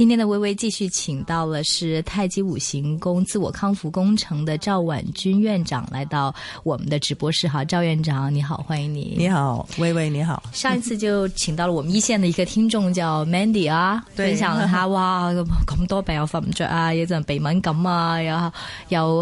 今天的薇薇繼續請到了是太極五行功自我康復工程的趙婉君院長來到我們的直播室哈，趙院長你好，歡迎你。你好，薇薇你好。上一次就請到了我們一線的一個聽眾叫 Mandy 啊，分享了他哇，咁多病又瞓唔着啊，有陣鼻敏感啊，又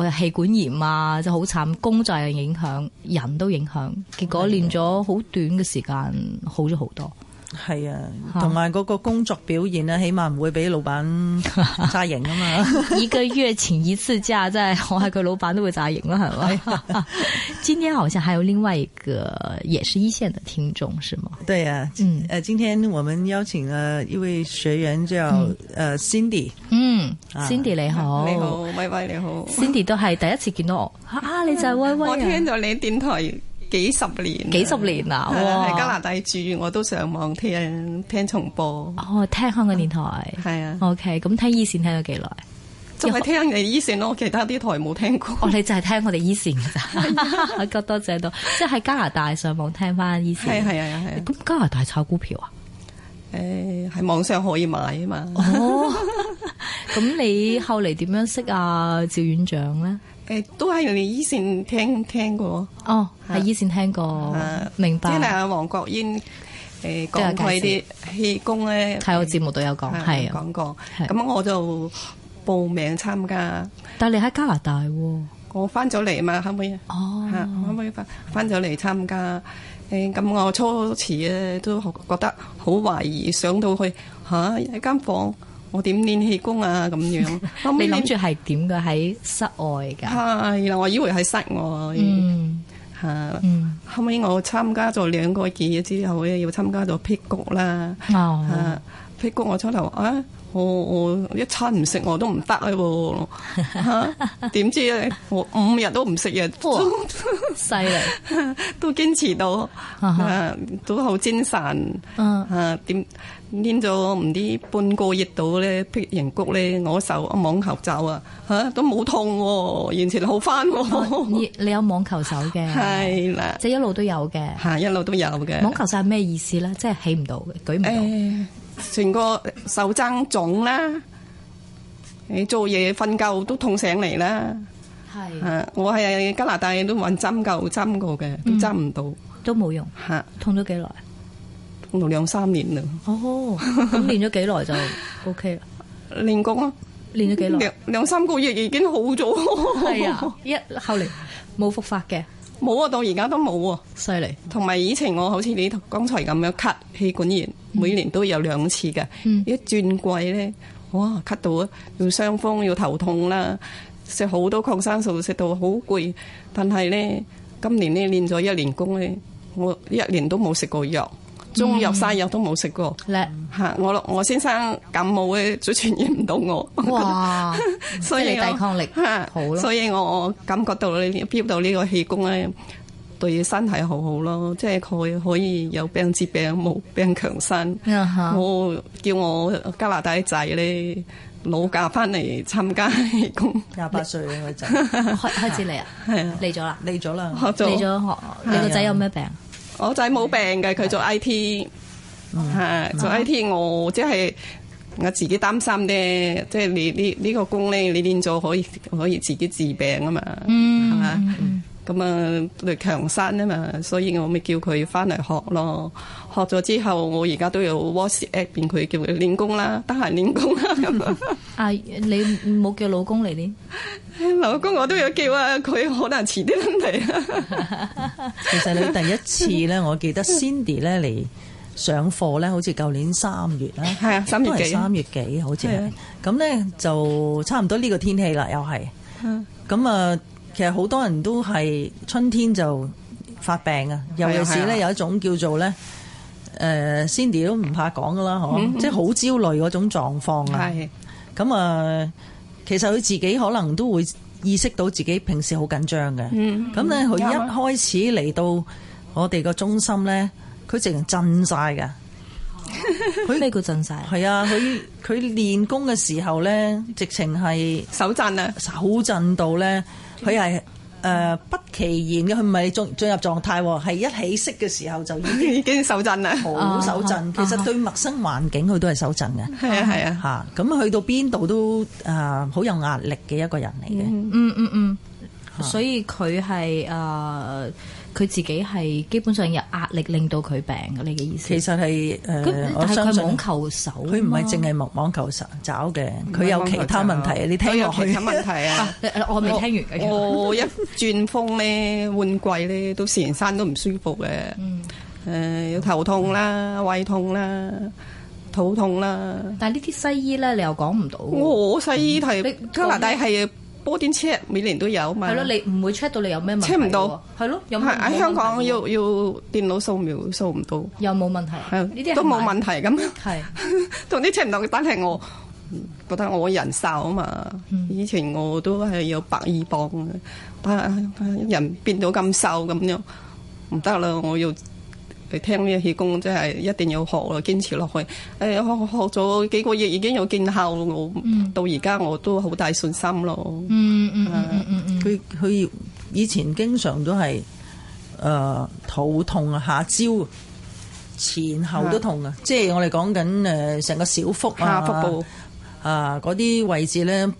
又氣管炎啊，就好慘，工作又影響，人都影響，結果練咗 好短嘅時間，好咗好多。係啊，同埋嗰個工作表現呢，起碼唔會俾老闆紮營啊嘛。 一個月請一次假，真係我係佢老闆都會紮營啦。係咪？ 今天好像還有另外一個也是一線的聽眾，是嗎？對啊，嗯，誒，今天我們邀請啦一位學員叫誒、嗯呃、Cindy，嗯，Cindy、啊、你好， 你好，威威你好，Cindy 都係第一次見到我， 啊，你就威威啊？我聽咗你電台。幾十年，幾十年我喺、oh. 加拿大住，我都上網聽聽重播。哦，聽香港電台，係、oh. 啊、okay, e。OK，咁聽一線聽咗幾耐？就係聽你一線咯，其他啲台冇聽過。哦，你就係聽我哋一線噶咋？ 我覺得多謝多，即係喺加拿大上網聽翻一線。係係啊係。咁加拿大炒股票啊？誒、欸，喺網上可以買啊嘛。哦，咁你後嚟點樣識阿、啊、趙院長咧？誒，都係用醫線聽聽過，哦、oh, 啊，喺醫線聽過、啊，明白。即係阿黃國英，誒、呃，講佢啲氣功咧，睇、嗯、我節目都有講，係、啊、講、啊、過。咁、啊、我就報名參加。但係你喺加拿大喎、啊，我翻咗嚟啊嘛，可唔可以？哦、oh. 啊，可唔可以翻翻咗嚟參加？誒、啊，咁我初時咧都覺得好懷疑，上到去吓、啊、一間房。我點練氣功啊？咁樣， 你諗住係點噶？喺室外噶？係啦，我以為喺室外。嗯，吓、嗯，後尾我參加咗兩個月之後咧，要參加咗辟谷啦。哦，啊、辟谷我初頭啊。我、哦、我一餐唔食我都唔得啊，啊，啊，啊！點知咧，我五日都唔食嘢，犀利都堅持到，都好精神。點練咗唔知半個月到咧，劈人谷咧，我手網球手啊，吓都冇痛，啊，完全好翻。你你有網球手嘅係啦，即係一路都有嘅，吓一路都有嘅。網球手係咩意思咧？即係起唔到，舉唔到。欸成個手踭腫啦，你做嘢瞓覺都痛醒嚟啦。係，我喺加拿大都揾針灸針過嘅，都針唔到，都冇用。吓，痛咗幾耐？痛到兩三年啦。哦，咁練咗幾耐就 OK 啦。練功啊，練咗幾耐？兩兩三個月已經好咗。係啊，一後嚟冇復發嘅。冇啊，到而家都冇啊。犀利，同埋以前我好似你剛才咁樣咳，氣管炎，每年都有兩次嘅、嗯。一轉季呢，哇，咳到啊，要傷風，要頭痛啦，食好多抗生素，食到好攰。但係呢，今年呢，練咗一年功呢，我一年都冇食過藥。中午入山入都冇食過，叻嚇！我我先生感冒咧，全都傳染唔到我。哇！ 所以嚟抵抗力好咯。所以我我感覺到你飈到呢個氣功咧，對身體好好咯。即係佢可以有病治病，冇病強身、嗯。我叫我加拿大仔咧，老嫁翻嚟參加氣功。廿八歲嘅女仔， 開始嚟來啊！嚟 咗、啊、啦，嚟咗啦，咗。你個仔有咩病？我，IT，我仔冇病嘅，佢做 I T，係做 I T，我即係我自己擔心啫。即、就、係、是、你呢呢、呢個功咧，你練咗可以可以自己治病啊嘛，係、嗯、嘛？咁啊，對強身啊嘛，所以我咪叫佢翻嚟學咯。學咗之後，我而家都有 WhatsApp -E、佢，叫佢練功啦，得閒練功啦咁啊。 啊，你冇叫老公嚟練？老公我都有叫啊，佢可能遲啲嚟。其實你第一次咧，我記得 Cindy 咧嚟上課咧，好似舊年三月啦，係啊，三月幾？三月幾？好似咁咧，啊、就差唔多呢個天氣啦，又係。咁、嗯、啊。其實好多人都係春天就發病啊，尤其是咧有一種叫做咧，誒，Cindy 都唔怕講噶啦，嗬，即係好焦慮嗰種狀況啊。係咁啊，其實佢自己可能都會意識到自己平時好緊張嘅。嗯，咁咧佢一開始嚟到我哋個中心咧，佢、mm -hmm. 直情震晒㗎。佢咩叫震晒。係啊，佢佢練功嘅時候咧，直情係手震啊，手震到咧。.佢係誒不其然嘅，佢唔係進進入狀態喎，係一起識嘅時候就已經手 已經守陣手震啦，好手震，啊。其實對陌生環境佢都係手震嘅。係啊係啊吓，咁、啊啊、去到邊度都誒好、呃、有壓力嘅一個人嚟嘅。嗯嗯嗯，嗯、啊，所以佢係誒。呃佢自己係基本上有壓力令到佢病嘅，你嘅意思係？其實係誒、呃，我相信佢唔係淨係網球手找嘅，佢有，有其他問題啊！你聽落去，我未聽完我，我一轉風咧， 換季咧，山都自然生都唔舒服嘅。誒、嗯，有、呃、頭痛啦，胃痛啦，肚痛啦。但係呢啲西醫咧，你又講唔到。我西醫係、嗯、加拿大係。嗰啲 check 每年都有啊嘛，係咯，你唔會 check 到你有咩問題？check 唔到，係咯，有咩問題？喺香港要要電腦掃描掃唔到，又冇問題，係呢啲都冇問題咁。係同啲 check 唔到，但係我覺得我人瘦啊嘛，以前我都係有百二磅，但係人變到咁瘦咁樣，唔得啦，我要。嚟聽呢個氣功真係一定要學咯，堅持落去。誒、哎、學學咗幾個月已經有見效，我、嗯、到而家我都好大信心咯。嗯嗯嗯，佢佢以前經常都係誒、啊、肚痛啊、下焦前後都痛係係、呃、啊，即係我哋講緊誒成個小腹啊、下腹部啊嗰啲位置咧，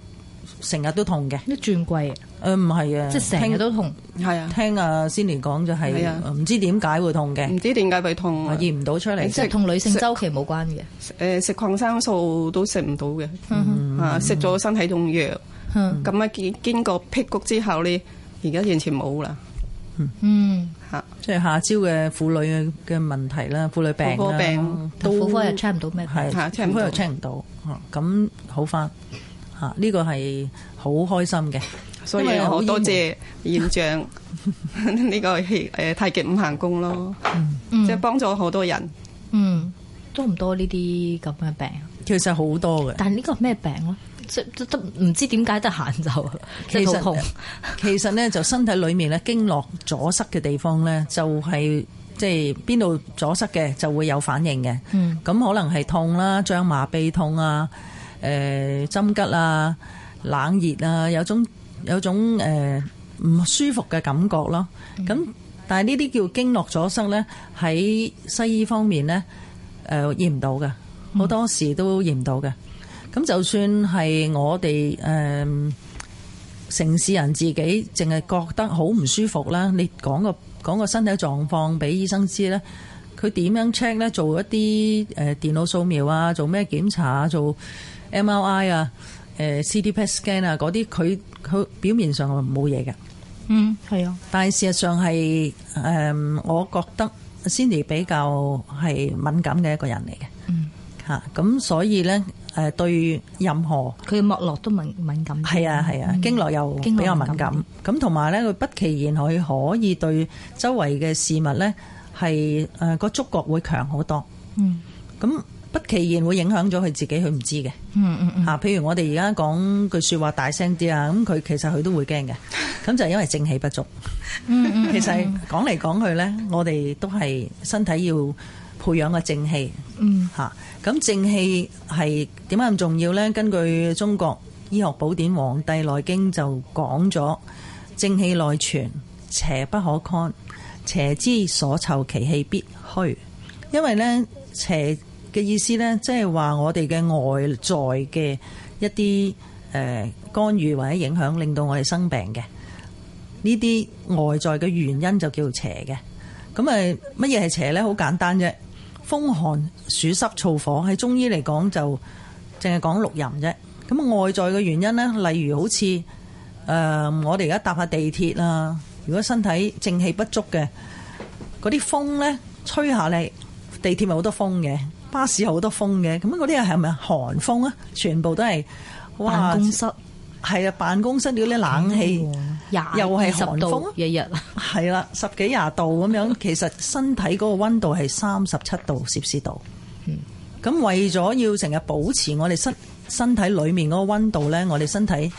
成日都痛嘅。一轉季。誒、呃，唔係啊，即係成日都痛，係啊，聽阿、啊啊、先蓮講就係唔知點解會痛嘅，唔、啊、知點解會痛，啊，驗唔到出嚟，即係同女性周期冇關嘅。誒，食抗生素都食唔到嘅，啊，食、嗯、咗身體仲弱，咁啊，經過辟谷之後呢，而家完全冇啦。嗯、吓、啊嗯啊嗯啊嗯，即係下焦嘅婦女嘅問題啦，婦女病啦、啊，婦科又 check 唔到咩？係 check 唔到，咁好返吓，呢個係好開心嘅。很所以好多謝現象呢 個、呃、太極五行功咯，即、嗯、係幫咗好多人。嗯，不多唔多呢啲咁嘅病、啊？其實好多嘅。但呢個咩病咯、啊？即唔知點解得閒就其實其實咧就身體裏面咧經絡阻塞嘅地方咧 就係即係邊度阻塞嘅就會有反應嘅。咁、嗯、可能係痛啦、脹、麻、痹痛啊、誒、啊呃、針灸啊、冷熱啊，有種。有種誒唔、呃、舒服嘅感覺咯，咁、嗯、但係呢啲叫經絡阻塞呢喺西醫方面呢，誒、呃、驗唔到嘅，好多時都驗唔到嘅。咁、嗯、就算係我哋誒、呃、城市人自己，淨係覺得好唔舒服啦，你講個講個身體狀況俾醫生知呢，佢點樣 check 呢？做一啲誒、呃、電腦掃描啊，做咩檢查、啊？做 MRI 啊？誒 CT scan 啊，嗰啲佢佢表面上係冇嘢嘅，嗯，係啊，但係事實上係誒，我覺得 Cindy 比較係敏感嘅一個人嚟嘅，嗯，嚇，咁所以咧誒，對任何佢嘅脈絡都敏敏感，係啊係啊，經絡又比較敏感，咁同埋咧佢不期然佢可以對周圍嘅事物咧係誒個觸覺會強好多，嗯，咁。不其然會影響咗佢自己，佢唔知嘅。嗯嗯嗯、啊，譬如我哋而家講句說話大聲啲啊，咁佢其實佢都會驚嘅。咁 就係因為正氣不足。嗯嗯、 其實講嚟講去呢，我哋都係身體要培養個正氣。嗯，吓咁正氣係點解咁重要呢？根據中國醫學寶典《黃帝內經》就講咗，正氣內存，邪不可抗；邪之所湊，其氣必虛。因為呢邪嘅意思呢，即係話我哋嘅外在嘅一啲誒、呃、干預或者影響，令到我哋生病嘅呢啲外在嘅原因就叫做邪嘅。咁、嗯、誒，乜嘢係邪呢？好簡單啫，風寒、暑濕、燥火喺中醫嚟講就淨係講六淫啫。咁、嗯、外在嘅原因呢，例如好似誒、呃、我哋而家搭下地鐵啦，如果身體正氣不足嘅，嗰啲風呢，吹下嚟，地鐵咪好多風嘅。巴士有好多風嘅，咁嗰啲人係咪寒風啊？全部都係辦公室，係啊，辦公室啲冷氣又係寒風日日，係啦，十幾廿度咁樣， 其實身體嗰個溫度係三十七度攝氏度。嗯，咁為咗要成日保持我哋身身體裏面嗰個溫度呢，我哋身體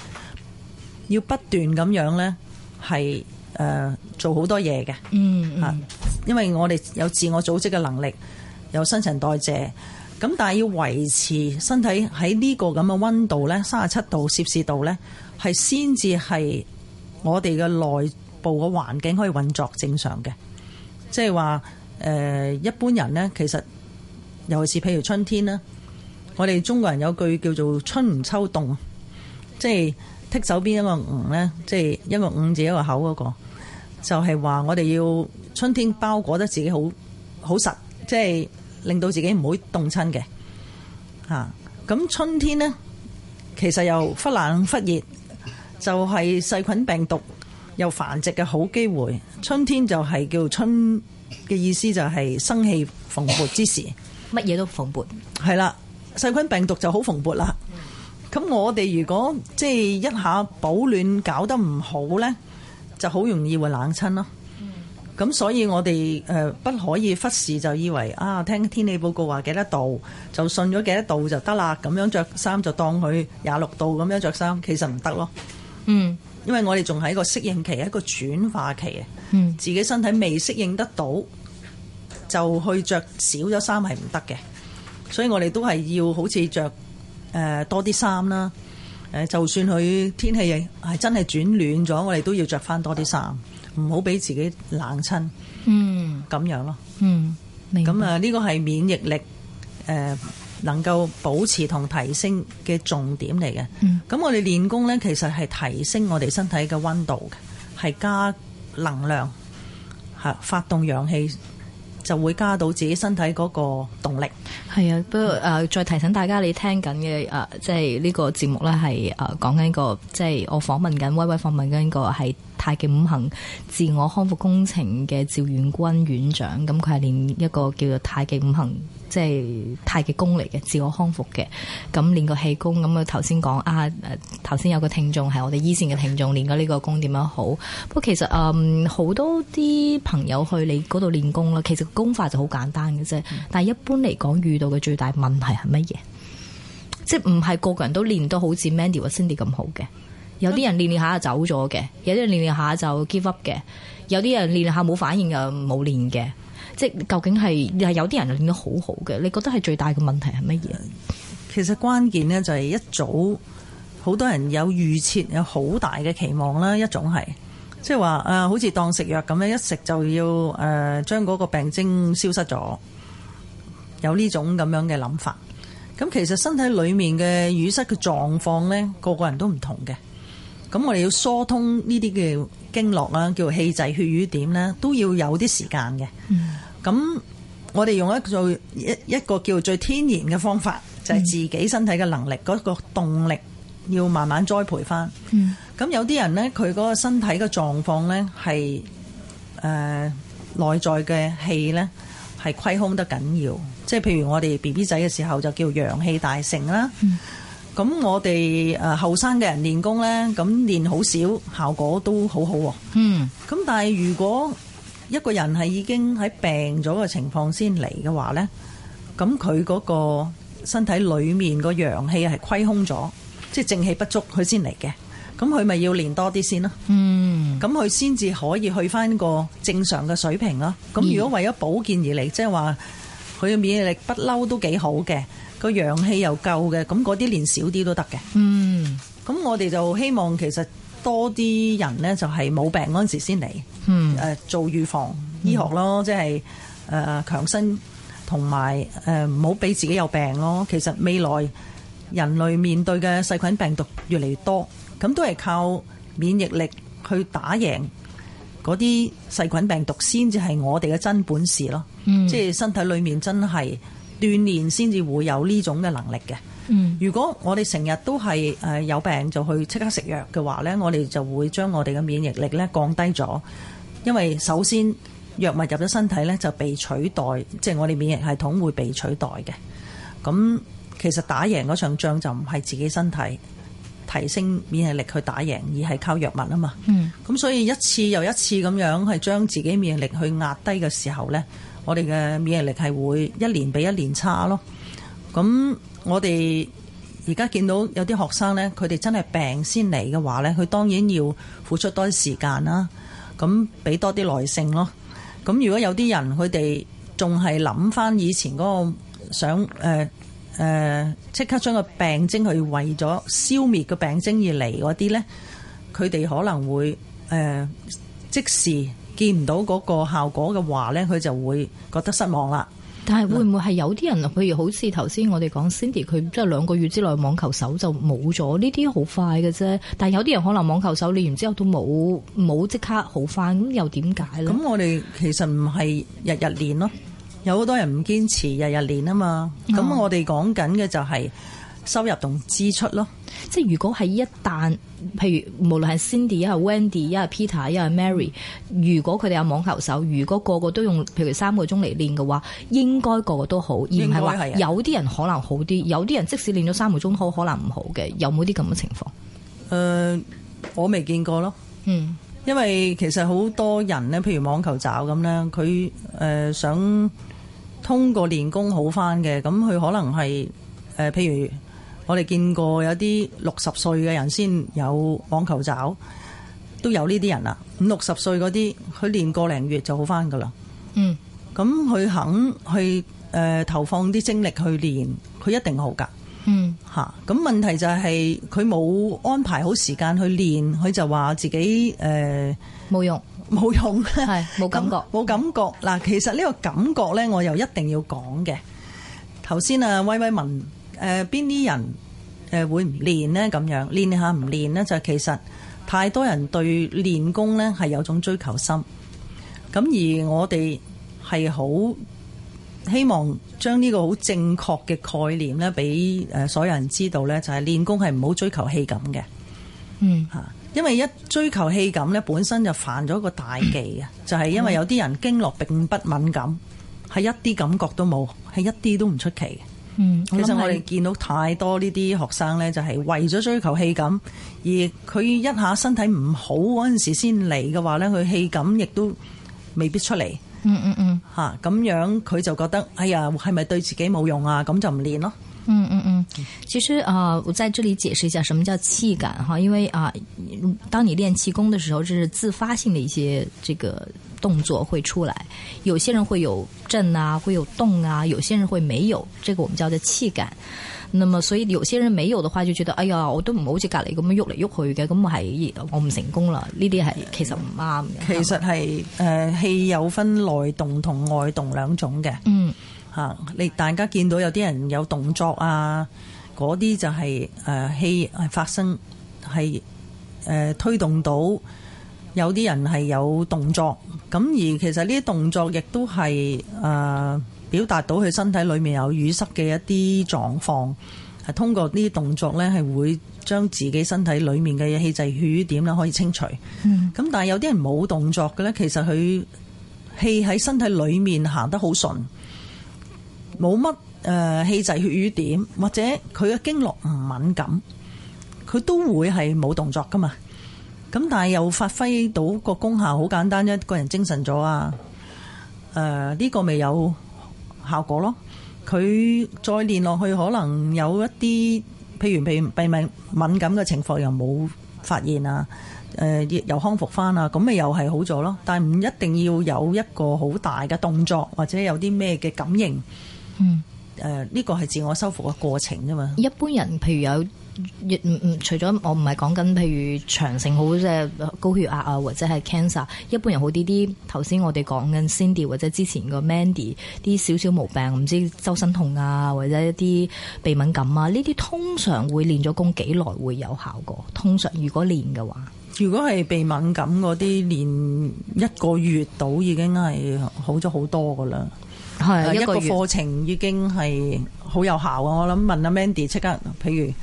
要不斷咁樣呢，係誒、呃、做好多嘢嘅。嗯，嗯，啊，因為我哋有自我組織嘅能力。有新陳代謝，咁但係要維持身體喺呢個咁嘅溫度呢，三十七度攝氏度呢，係先至係我哋嘅內部嘅環境可以運作正常嘅。即係話誒，一般人呢，其實尤其是譬如春天呢，我哋中國人有句叫做春唔秋凍，即係剔手邊一個五呢，即係一個五字一個口嗰個，就係話我哋要春天包裹得自己好好實，即係。令到自己唔好凍親嘅，吓、啊、咁春天呢，其實又忽冷忽熱，就係、是、細菌病毒又繁殖嘅好機會。春天就係、是、叫春嘅意思，就係生氣蓬勃之時，乜嘢都蓬勃，係啦，細菌病毒就好蓬勃啦。咁我哋如果即係一下保暖搞得唔好呢，就好容易會冷親咯。咁所以，我哋誒不可以忽視，就以為啊，聽天氣報告話幾多度，就信咗幾多度就得啦。咁樣着衫就當佢廿六度咁樣着衫，其實唔得咯。嗯，因為我哋仲係一個適應期，一個轉化期啊、嗯。自己身體未適應得到，就去着少咗衫係唔得嘅。所以我哋都係要好似着誒多啲衫啦。就算佢天氣真係轉暖咗，我哋都要着翻多啲衫。唔好俾自己冷親，嗯，咁樣咯，嗯，咁啊呢個係免疫力誒、呃，能夠保持同提升嘅重點嚟嘅。咁、嗯、我哋練功呢，其實係提升我哋身體嘅温度嘅，係加能量，吓，發動氧氣。就會加到自己身體嗰個動力。係啊，不過、呃、再提醒大家你的，你聽緊嘅誒，即、這個、呢個節目咧，係誒講緊一個，即係我訪問緊，微微訪問緊一個係太極五行自我康復工程嘅趙婉君院長。咁佢係練一個叫做太極五行。即係太極功，嚟嘅，自我康復嘅。咁練個氣功，咁啊頭先講啊，頭先有個聽眾係我哋以前嘅聽眾，練過呢個功點樣好？不 過其實嗯，好多啲朋友去你嗰度練功啦，其實功法就好簡單嘅啫、嗯。但係一般嚟講，遇到嘅最大問題係乜嘢？ 即係唔係個個人都練到好似 Mandy 或 Cindy 咁好嘅？有啲人練練下就走咗嘅，有啲人練練下就 give up 嘅，有啲人練練下冇反應又冇練嘅。即究竟係係有啲人練得很好好嘅，你覺得係最大嘅問題係乜嘢？其實關鍵呢，就係一早好多人有預設有好大嘅期望啦，一種係即係話誒，好似當食藥咁樣，一食就要誒將嗰個病徵消失咗，有呢種咁樣嘅諗法。咁其實身體裏面嘅淤塞嘅狀況呢，個個人都唔同嘅。咁我哋要疏通呢啲嘅經絡啦，叫氣滯血瘀點呢，都要有啲時間嘅。嗯咁我哋用一做一一個叫最天然嘅方法，就係自己身體嘅能力嗰個動力，要慢慢栽培翻。咁有啲人呢，佢嗰個身體嘅狀況呢，係誒內在嘅氣呢係虧空得緊要。即係譬如我哋 BB 仔嘅時候就叫陽氣大盛啦。咁我哋誒後生嘅人練功呢，咁練好少，效果都好好。嗯。咁但係如果一個人係已經喺病咗嘅情況先嚟嘅話呢，咁佢嗰個身體裏面個陽氣係虧空咗，即係正氣不足他才來的，佢先嚟嘅。咁佢咪要練多啲先咯。嗯，咁佢先至可以去返個正常嘅水平咯。咁如果為咗保健而嚟，即係話佢嘅免疫力不嬲都幾好嘅，個陽氣又夠嘅，咁嗰啲練少啲都得嘅。嗯，咁我哋就希望其實。多啲人呢就係冇病嗰陣時先嚟，誒、嗯呃、做預防醫學咯、嗯，即係誒強身同埋誒唔好俾自己有病咯。其實未來人類面對嘅細菌病毒越嚟越多，咁都係靠免疫力去打贏嗰啲細菌病毒，先至係我哋嘅真本事咯、嗯。即係身體裏面真係。鍛鍊先至會有呢種嘅能力嘅。嗯，如果我哋成日都係誒有病就去即刻食藥嘅話呢，我哋就會將我哋嘅免疫力呢降低咗。因為首先藥物入咗身體呢就被取代，即係我哋免疫系統會被取代嘅。咁其實打贏嗰場仗就唔係自己身體提升免疫力去打贏，而係靠藥物啊嘛。嗯，咁所以一次又一次咁樣係將自己免疫力去壓低嘅時候呢。我哋嘅免疫力係會一年比一年差咯。咁我哋而家見到有啲學生呢，佢哋真係病先嚟嘅話呢，佢當然要付出多啲時間啦、啊。咁俾多啲耐性咯。咁如果有啲人佢哋仲係諗翻以前嗰個想誒誒即刻將個病徵去為咗消滅個病徵而嚟嗰啲呢，佢哋可能會誒、呃、即時。見唔到嗰個效果嘅話呢，佢就會覺得失望啦。但係會唔會係有啲人，譬如好似頭先我哋講 Cindy，佢即係兩個月之內網球手就冇咗，呢啲好快嘅啫。但係有啲人可能網球手練完之後都冇冇即刻好翻，咁又點解呢？咁我哋其實唔係日日練咯，有好多人唔堅持日日練啊嘛。咁我哋講緊嘅就係收入同支出咯，即係如果係一旦，譬如無論係 Cindy，一係 Wendy，一係 Peter，一係 Mary，如果佢哋有網球手，如果個個都用譬如三個鐘嚟練嘅話，應該個個都好，而唔係話有啲人可能好啲，有啲人即使練咗三個鐘都好，可能唔好嘅，有冇啲咁嘅情況？誒、呃，我未見過咯，嗯，因為其實好多人咧，譬如網球肘咁咧，佢誒、呃、想通過練功好翻嘅，咁佢可能係誒、呃、譬如。我哋見過有啲六十歲嘅人先有網球肘，都有呢啲人啦。五六十歲嗰啲，佢練個零月就好翻噶啦。嗯，咁佢肯去誒、呃、投放啲精力去練，佢一定好噶。嗯，嚇、啊，咁問題就係佢冇安排好時間去練，佢就話自己誒冇、呃、用，冇用，係 冇感覺，冇感覺。嗱，其實呢個感覺咧，我又一定要講嘅。頭先啊，威威問。誒、呃，邊啲人誒會唔練呢？咁樣練下唔練呢？就是、其實太多人對練功呢係有種追求心，咁而我哋係好希望將呢個好正確嘅概念，呢俾誒所有人知道呢就係、是，練功係唔好追求氣感嘅。嗯，吓，因為一追求氣感呢，本身就犯咗個大忌嘅，就係、是，因為有啲人經絡並不敏感，係一啲感覺都冇，係一啲都唔出奇。嗯、其實我哋見到太多呢啲學生呢，就係為咗追求氣感，而佢一下身體唔好嗰陣時先嚟嘅話呢，佢氣感亦都未必出嚟。嗯嗯嗯，吓、啊、咁樣佢就覺得哎呀，係咪對自己冇用啊？咁就唔練咯。嗯嗯嗯，其實啊、呃，我在這裏解釋一下什麼叫氣感哈，因為啊、呃，當你練氣功嘅時候，就係自發性嘅一些這個。動作會出來，有些人會有震啊，會有動啊，有些人會沒有，這個我們叫做氣感。那麼所以有些人沒有的話就覺得，哎呀，我都唔好似隔籬咁樣喐嚟喐去嘅，咁係我唔成功啦。呢啲係其實唔啱嘅。其實係誒、呃、氣有分內動同外動兩種嘅。嗯、吓、啊、你大家見到有啲人有動作啊，嗰啲就係、是、誒、呃、氣發生係誒推動到有啲人係有動作。咁而其實呢啲動作亦都係誒、呃、表達到佢身體裏面有淤塞嘅一啲狀況，係通過呢啲動作呢，係會將自己身體裏面嘅氣滯血瘀點呢可以清除。咁、嗯、但係有啲人冇動作嘅呢，其實佢氣喺身體裏面行得好順，冇乜誒氣滯血瘀點，或者佢嘅經絡唔敏感，佢都會係冇動作噶嘛。咁但係又發揮到個功效，好簡單，一個人精神咗啊！誒，呢個咪有效果咯。佢再練落去，可能有一啲譬如譬譬如鼻敏感嘅情況又冇發現啊，誒又康復翻啊，咁咪又係好咗咯。但係唔一定要有一個好大嘅動作，或者有啲咩嘅感應。嗯。誒，呢個係自我修復嘅過程啫嘛。一般人譬如有。越唔唔，除咗我唔係講緊，譬如長城好即係高血壓啊，或者係 cancer，一般人好啲啲。頭先我哋講緊 Cindy 或者之前個 Mandy 啲少少毛病，唔知周身痛啊，或者一啲鼻敏感啊，呢啲通常會練咗功幾耐會有效果？通常如果練嘅話，如果係鼻敏感嗰啲，練一個月到已經係好咗好多噶啦。係一,一個課程已經係好有效啊！我諗問阿 Mandy，即刻譬如。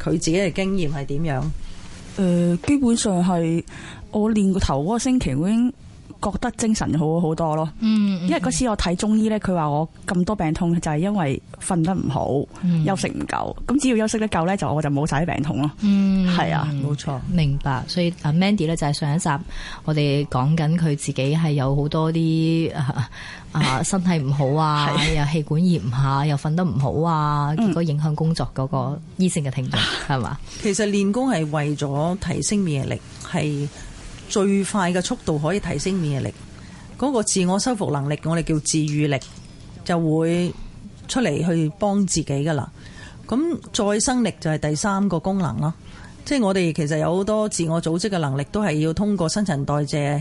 佢自己嘅經驗係點樣？呃，基本上係我練個頭嗰個星期已經，覺得精神好好多咯，因為嗰次我睇中醫咧，佢話我咁多病痛就係因為瞓得唔好、嗯，休息唔夠，咁只要休息得夠咧，就我就冇晒啲病痛咯。係、嗯、啊，冇、嗯、錯。明白，所以阿 Mandy 咧就係、是、上一集我哋講緊佢自己係有好多啲啊，啊身體唔好啊， 又氣管炎下，又瞓得唔好啊、嗯，結果影響工作嗰個醫生嘅聽眾係嘛？其實練功係為咗提升免疫力，係。最快嘅速度可以提升免疫力，嗰個自我修復能力，我哋叫自愈力，就會出嚟去幫自己噶啦。咁再生力就係第三個功能咯，即係我哋其實有好多自我組織嘅能力，都係要通過新陳代謝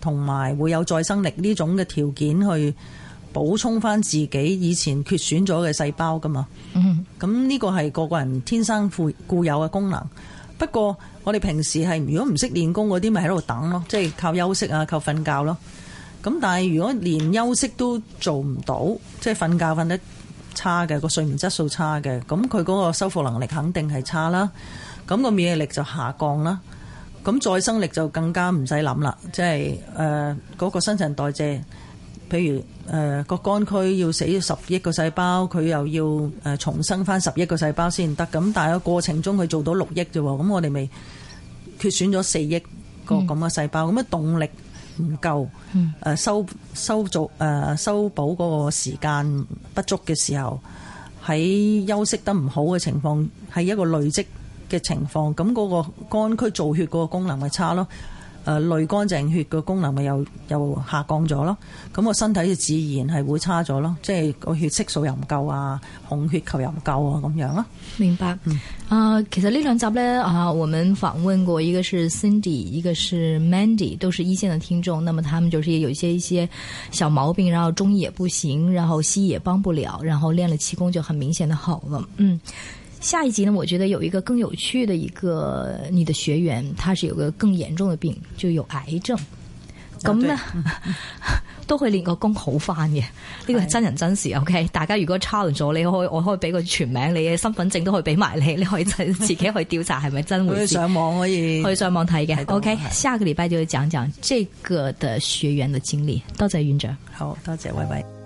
同埋會有再生力呢種嘅條件去補充翻自己以前缺損咗嘅細胞噶嘛。嗯，咁呢個係個個人天生固固有嘅功能。不過，我哋平時係如果唔識練功嗰啲，咪喺度等咯，即係靠休息啊，靠瞓覺咯。咁但係如果連休息都做唔到，即係瞓覺瞓得差嘅，個睡眠質素差嘅，咁佢嗰個修復能力肯定係差啦。咁個免疫力就下降啦。咁再生力就更加唔使諗啦。即係誒嗰個新陳代謝。譬如誒個肝區要死十億個細胞，佢又要誒重生翻十億個細胞先得。咁但係喺過程中佢做到六億啫喎，咁我哋咪缺損咗四億個咁嘅細胞。咁啊動力唔夠，誒修修造誒修補嗰個時間不足嘅時候，喺休息得唔好嘅情況，係一個累積嘅情況。咁嗰個肝區造血嗰個功能咪差咯。誒、呃、濾乾淨血嘅功能咪又又下降咗咯，咁我身體就自然係會差咗咯，即係個血色素又唔夠啊，紅血球又唔夠啊咁樣啊。明白，啊、嗯，uh, 其實呢兩集呢，啊，我們訪問過一個是 Cindy，一個是 Mandy，都是一線嘅聽眾，那麼他們就是有一些一些小毛病，然後中醫也不行，然後西醫也幫不了，然後練了氣功就很明顯的好了，嗯。下一集呢？我覺得有一個更有趣的一個，你的學員他是有個更嚴重的病，就有癌症，咁呢、哦、 都可以練個功好翻嘅。呢、這個係真人真事，OK？大家如果 challenge 咗，你可以我可以俾個全名,個全名你，身份證都可以俾埋你，你可以自己去調查係咪真回事。可以上網可以可以上網睇嘅。OK，下個禮拜就講講這個的學員的經歷。多謝院長，好多謝，拜拜。